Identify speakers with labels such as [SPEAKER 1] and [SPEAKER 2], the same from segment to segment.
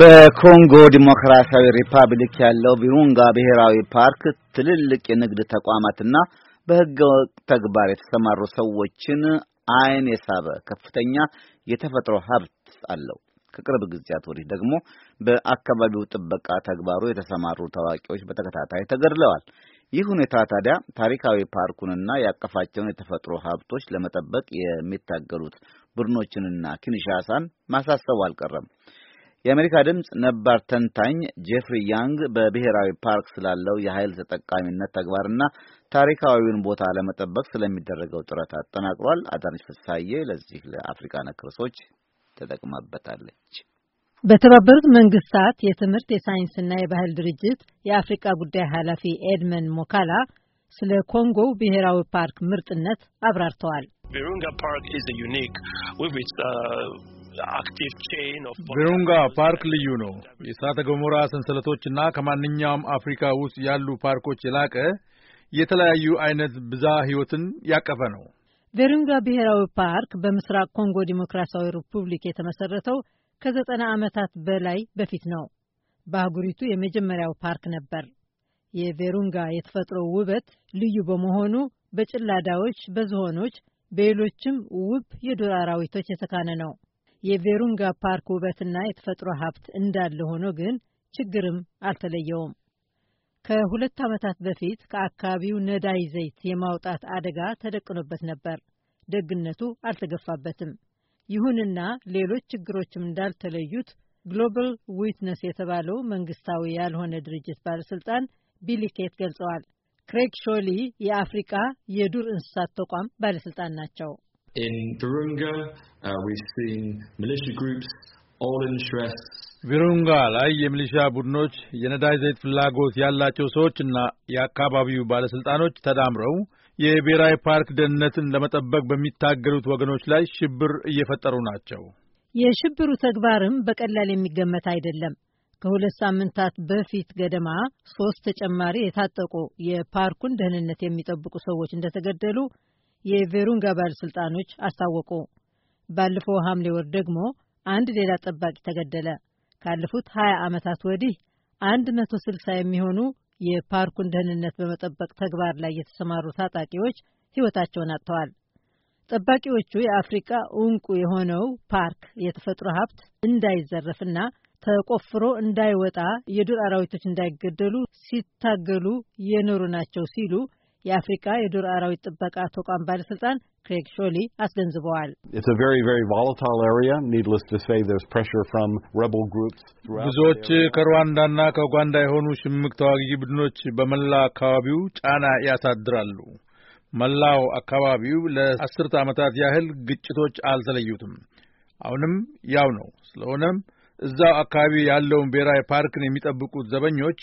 [SPEAKER 1] በኮንጎ ዲሞክራሲያዊ ሪፐብሊክ ያለው ቪሩንጋ ብሔራዊ ፓርክ ትልልቅ የንግድ ተቋማትና በሕገ ወጥ ተግባር የተሰማሩ ሰዎችን ዓይን የሳበ ከፍተኛ የተፈጥሮ ሀብት አለው። ከቅርብ ጊዜያት ወዲህ ደግሞ በአካባቢው ጥበቃ ተግባሩ የተሰማሩ ታዋቂዎች በተከታታይ ተገድለዋል። ይህ ሁኔታ ታዲያ ታሪካዊ ፓርኩንና ያቀፋቸውን የተፈጥሮ ሀብቶች ለመጠበቅ የሚታገሉት ቡድኖችንና ኪንሻሳን ማሳሰቡ አልቀረም። የአሜሪካ ድምፅ ነባር ተንታኝ ጄፍሪ ያንግ በብሔራዊ ፓርክ ስላለው የኃይል ተጠቃሚነት ተግባርና ታሪካዊውን ቦታ ለመጠበቅ ስለሚደረገው ጥረት አጠናቅሯል። አዳነች ፍሳዬ ለዚህ ለአፍሪካ ነክ ርዕሶች ተጠቅማበታለች። በተባበሩት መንግስታት የትምህርት የሳይንስና የባህል ድርጅት የአፍሪካ ጉዳይ ኃላፊ ኤድመን ሞካላ ስለ ኮንጎው ብሔራዊ ፓርክ
[SPEAKER 2] ምርጥነት አብራርተዋል። ቪሩንጋ ፓርክ ልዩ ነው። የእሳተ ገሞራ ሰንሰለቶችና ከማንኛውም አፍሪካ ውስጥ ያሉ ፓርኮች የላቀ የተለያዩ አይነት ብዛ ህይወትን ያቀፈ ነው።
[SPEAKER 1] ቪሩንጋ ብሔራዊ ፓርክ በምስራቅ ኮንጎ ዲሞክራሲያዊ ሪፑብሊክ የተመሰረተው ከዘጠና ዓመታት በላይ በፊት ነው። በአህጉሪቱ የመጀመሪያው ፓርክ ነበር። የቬሩንጋ የተፈጥሮ ውበት ልዩ በመሆኑ በጭላዳዎች፣ በዝሆኖች፣ በሌሎችም ውብ የዱር አራዊቶች የተካነ ነው። የቬሩንጋ ፓርክ ውበትና የተፈጥሮ ሀብት እንዳለ ሆኖ ግን ችግርም አልተለየውም። ከሁለት ዓመታት በፊት ከአካባቢው ነዳይ ዘይት የማውጣት አደጋ ተደቅኖበት ነበር። ደግነቱ አልተገፋበትም። ይሁንና ሌሎች ችግሮችም እንዳልተለዩት ግሎባል ዊትነስ የተባለው መንግስታዊ ያልሆነ ድርጅት ባለሥልጣን ቢሊኬት ገልጸዋል። ክሬግ ሾሊ የአፍሪቃ የዱር እንስሳት ተቋም ባለሥልጣን ናቸው።
[SPEAKER 2] Uh, we've seen militia groups all interests ቪሩንጋ ላይ የሚሊሻ ቡድኖች፣ የነዳጅ ዘይት ፍላጎት ያላቸው ሰዎችና የአካባቢው ባለስልጣኖች ተዳምረው የብሔራዊ ፓርክ ደህንነትን ለመጠበቅ በሚታገሉት ወገኖች ላይ ሽብር እየፈጠሩ ናቸው።
[SPEAKER 1] የሽብሩ ተግባርም በቀላል የሚገመት አይደለም። ከሁለት ሳምንታት በፊት ገደማ ሶስት ተጨማሪ የታጠቁ የፓርኩን ደህንነት የሚጠብቁ ሰዎች እንደተገደሉ የቬሩንጋ ባለስልጣኖች አስታወቁ። ባለፈው ሐምሌ ወር ደግሞ አንድ ሌላ ጠባቂ ተገደለ። ካለፉት 20 ዓመታት ወዲህ 160 የሚሆኑ የፓርኩን ደህንነት በመጠበቅ ተግባር ላይ የተሰማሩ ታጣቂዎች ሕይወታቸውን አጥተዋል። ጠባቂዎቹ የአፍሪቃ እንቁ የሆነው ፓርክ የተፈጥሮ ሀብት እንዳይዘረፍና ተቆፍሮ እንዳይወጣ የዱር አራዊቶች እንዳይገደሉ ሲታገሉ የኖሩ ናቸው ሲሉ የአፍሪካ የዱር አራዊት ጥበቃ ተቋም ባለስልጣን ክሬግ ሾሊ አስገንዝበዋል።
[SPEAKER 2] ብዙዎች ከሩዋንዳና ከኡጋንዳ የሆኑ ሽምቅ ተዋጊ ቡድኖች በመላ አካባቢው ጫና ያሳድራሉ። መላው አካባቢው ለአስርተ ዓመታት ያህል ግጭቶች አልተለዩትም። አሁንም ያው ነው። ስለሆነም እዛው አካባቢ ያለውን ብሔራዊ ፓርክን የሚጠብቁት ዘበኞች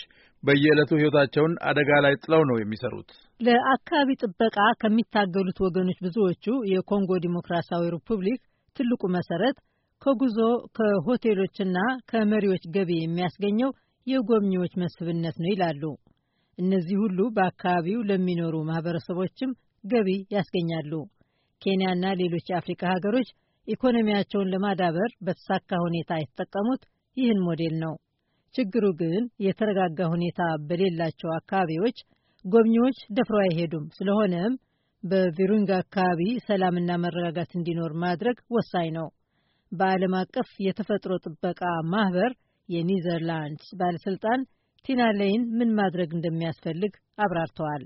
[SPEAKER 2] በየዕለቱ ሕይወታቸውን አደጋ ላይ ጥለው ነው የሚሰሩት።
[SPEAKER 1] ለአካባቢ ጥበቃ ከሚታገሉት ወገኖች ብዙዎቹ የኮንጎ ዲሞክራሲያዊ ሪፑብሊክ ትልቁ መሰረት ከጉዞ ከሆቴሎችና ከመሪዎች ገቢ የሚያስገኘው የጎብኚዎች መስህብነት ነው ይላሉ። እነዚህ ሁሉ በአካባቢው ለሚኖሩ ማህበረሰቦችም ገቢ ያስገኛሉ። ኬንያና ሌሎች የአፍሪካ ሀገሮች ኢኮኖሚያቸውን ለማዳበር በተሳካ ሁኔታ የተጠቀሙት ይህን ሞዴል ነው። ችግሩ ግን የተረጋጋ ሁኔታ በሌላቸው አካባቢዎች ጎብኚዎች ደፍረው አይሄዱም። ስለሆነም በቪሩንጋ አካባቢ ሰላምና መረጋጋት እንዲኖር ማድረግ ወሳኝ ነው። በዓለም አቀፍ የተፈጥሮ ጥበቃ ማህበር የኒዘርላንድስ ባለስልጣን ቲና ሌይን ምን ማድረግ እንደሚያስፈልግ አብራርተዋል።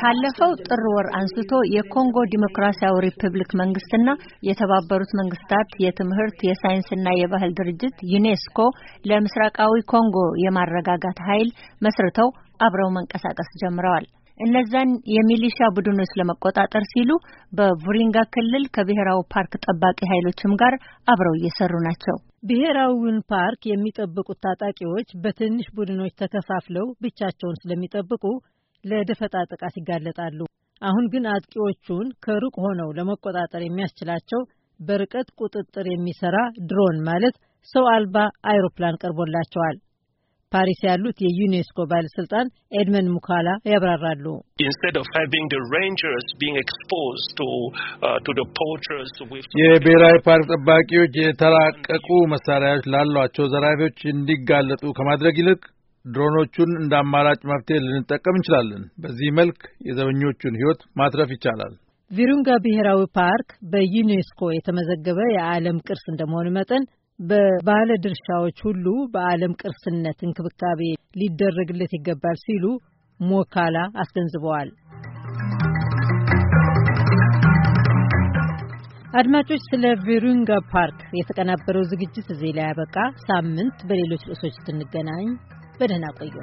[SPEAKER 1] ካለፈው ጥር ወር አንስቶ የኮንጎ ዲሞክራሲያዊ ሪፐብሊክ መንግስትና የተባበሩት መንግስታት የትምህርት የሳይንስና የባህል ድርጅት ዩኔስኮ ለምስራቃዊ ኮንጎ የማረጋጋት ኃይል መስርተው አብረው መንቀሳቀስ ጀምረዋል። እነዛን የሚሊሻ ቡድኖች ለመቆጣጠር ሲሉ በቡሪንጋ ክልል ከብሔራዊ ፓርክ ጠባቂ ኃይሎችም ጋር አብረው እየሰሩ ናቸው። ብሔራዊውን ፓርክ የሚጠብቁት ታጣቂዎች በትንሽ ቡድኖች ተከፋፍለው ብቻቸውን ስለሚጠብቁ ለደፈጣ ጥቃት ይጋለጣሉ። አሁን ግን አጥቂዎቹን ከሩቅ ሆነው ለመቆጣጠር የሚያስችላቸው በርቀት ቁጥጥር የሚሰራ ድሮን ማለት ሰው አልባ አይሮፕላን ቀርቦላቸዋል። ፓሪስ ያሉት የዩኔስኮ ባለስልጣን ኤድመን ሙካላ ያብራራሉ። uh,
[SPEAKER 2] የብሔራዊ ፓርክ ጠባቂዎች የተራቀቁ መሳሪያዎች ላሏቸው ዘራፊዎች እንዲጋለጡ ከማድረግ ይልቅ ድሮኖቹን እንደ አማራጭ መፍትሄ ልንጠቀም እንችላለን። በዚህ መልክ የዘበኞቹን ሕይወት ማትረፍ ይቻላል።
[SPEAKER 1] ቪሩንጋ ብሔራዊ ፓርክ በዩኔስኮ የተመዘገበ የዓለም ቅርስ እንደመሆኑ መጠን በባለ ድርሻዎች ሁሉ በዓለም ቅርስነት እንክብካቤ ሊደረግለት ይገባል ሲሉ ሞካላ አስገንዝበዋል። አድማጮች፣ ስለ ቪሩንጋ ፓርክ የተቀናበረው ዝግጅት እዚህ ላይ ያበቃ። ሳምንት በሌሎች ርዕሶች ስንገናኝ በደህና ቆዩ።